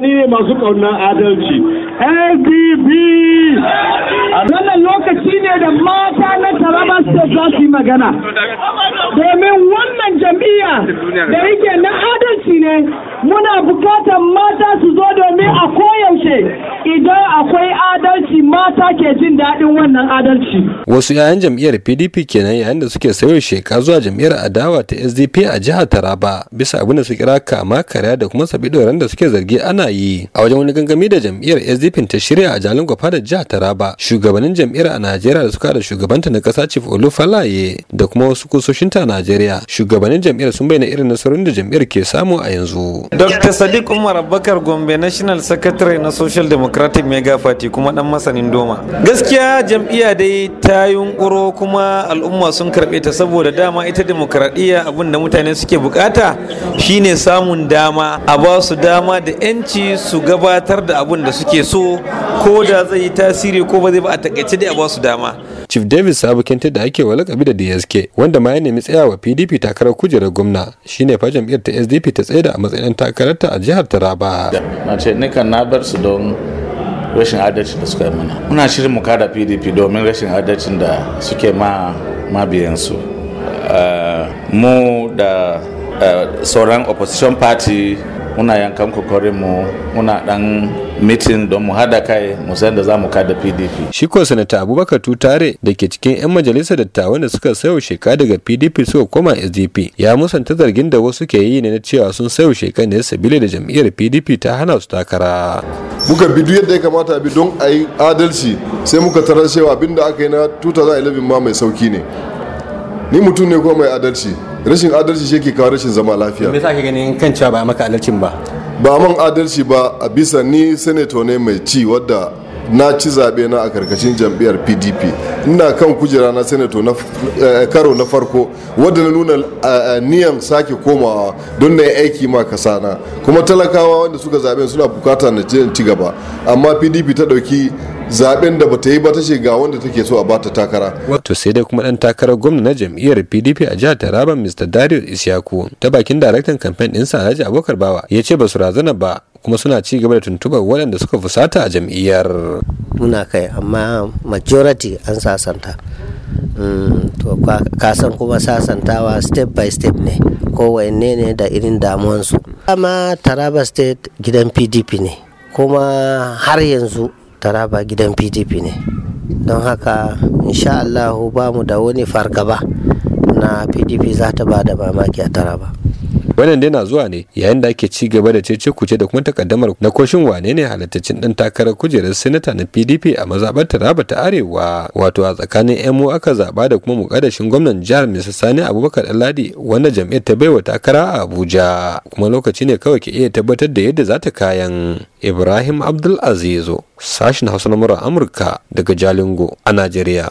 ni ne masu ƙaunar adalci APP wannan lokaci ne da mata na taraba state su yi magana domin wannan jam'iyya da yake na adalci ne muna bukatar mata su zo domin a koyaushe idan akwai adalci mata ke jin daɗin wannan adalci. Wasu 'ya'yan jam'iyyar PDP kenan yayin da suke sayo sheka zuwa jam'iyyar adawa ta SDP a jihar Taraba bisa abin da su kira kama karya da kuma sabi doron da suke zargi ana yi. A wajen wani gangami da jam'iyyar SDP ta shirya a Jalin Gwafa da jihar Taraba shugabannin jam'iyyar a Najeriya da suka da shugabanta na kasa Chief Olufalaye da kuma wasu kusoshinta a Najeriya shugabannin jam'iyyar sun bayyana irin nasarorin da jam'iyyar ke samu a yanzu. yanzu. Dr. Sadiq Umar Abubakar Gombe National Secretary na Social Democratic Mega Party kuma dan masanin doma. Gaskiya jam'iyya dai ta yunkuro kuma al'umma sun karɓe ta saboda dama ita demokradiyya abin da mutane suke bukata shine samun dama a ba su dama da 'yanci su gabatar da abin da suke so ko da zai yi tasiri ko ba zai ba a takaice dai a ba su dama. chief David sabu kente da ake wa lakabi da dsk wanda ma ya nemi tsayawa pdp takarar kujerar gwamna shine fa jam'iyyar ta sdp ta da a matsayin takararta a jihar taraba Na ce nikan na bar su don rashin adalci da suka yi mana muna shirin mu kada pdp domin rashin adalcin da suke ma mabiyansu eh, mu da eh, sauran opposition party muna yankan kokarin mu muna dan mitin don mu hada kai mu san da zamu kada PDP shi ko sanata Abubakar Tutare da ke cikin yan majalisar dattawa da suka sayo sheka daga PDP suka koma SDP ya musanta zargin da wasu ke yi ne na cewa sun sayo sheka ne sabile da jam'iyyar PDP ta hana su takara muka bi duk yadda ya kamata bi don a yi adalci sai muka tarar cewa abinda aka yi na 2011 ma mai sauki ne ni mutum ne ko mai adalci rashin adalci shi ke kawo rashin zama lafiya me sa ke ganin kan cewa ba a maka adalcin ba ba man adalci ba a bisa ni senator ne mai ci wadda na ci zaɓe na a karkashin jam'iyyar pdp ina kan kujera na senato na eh, karo na farko wadda na nuna eh, niyan sake komawa don na aiki ma kasana kuma talakawa wanda suka zaɓe suna bukata na ci gaba amma pdp ta ɗauki zaben da bata yi ba ta ce ga wanda take so a bata takara. To sai dai kuma dan takarar gwamna na jam'iyyar PDP a jihar Taraba Mr. Darius Isiyaku ta bakin daraktan kamfen ɗinsa Alhaji Abubakar Bawa ya ce ba su razana ba kuma suna ci gaba da tuntubar waɗanda suka fusata a jam'iyyar. Muna kai amma majority an sasanta. Mm, to kasan kuma sasantawa step by step ne kowanne ne da irin damuwansu. Amma Taraba State gidan PDP ne kuma har yanzu taraba gidan pdp ne don haka insha allahu ba mu da wani fargaba na pdp za ta ba da mamaki a taraba wannan dai na zuwa ne yayin da ake ci gaba da cece kuce da kuma takaddamar na koshin wane ne halittacin dan takarar kujerar sinata na pdp a mazaɓar taraba ta arewa wato a tsakanin mo aka zaɓa da kuma mukaddashin gwamnan jihar mr sani abubakar dalladi wanda jam'iyyar ta baiwa takara a abuja kuma lokaci ne kawai ke iya tabbatar da yadda za ta kayan ibrahim abdul azizo sashin hausa na amurka daga jalingo a najeriya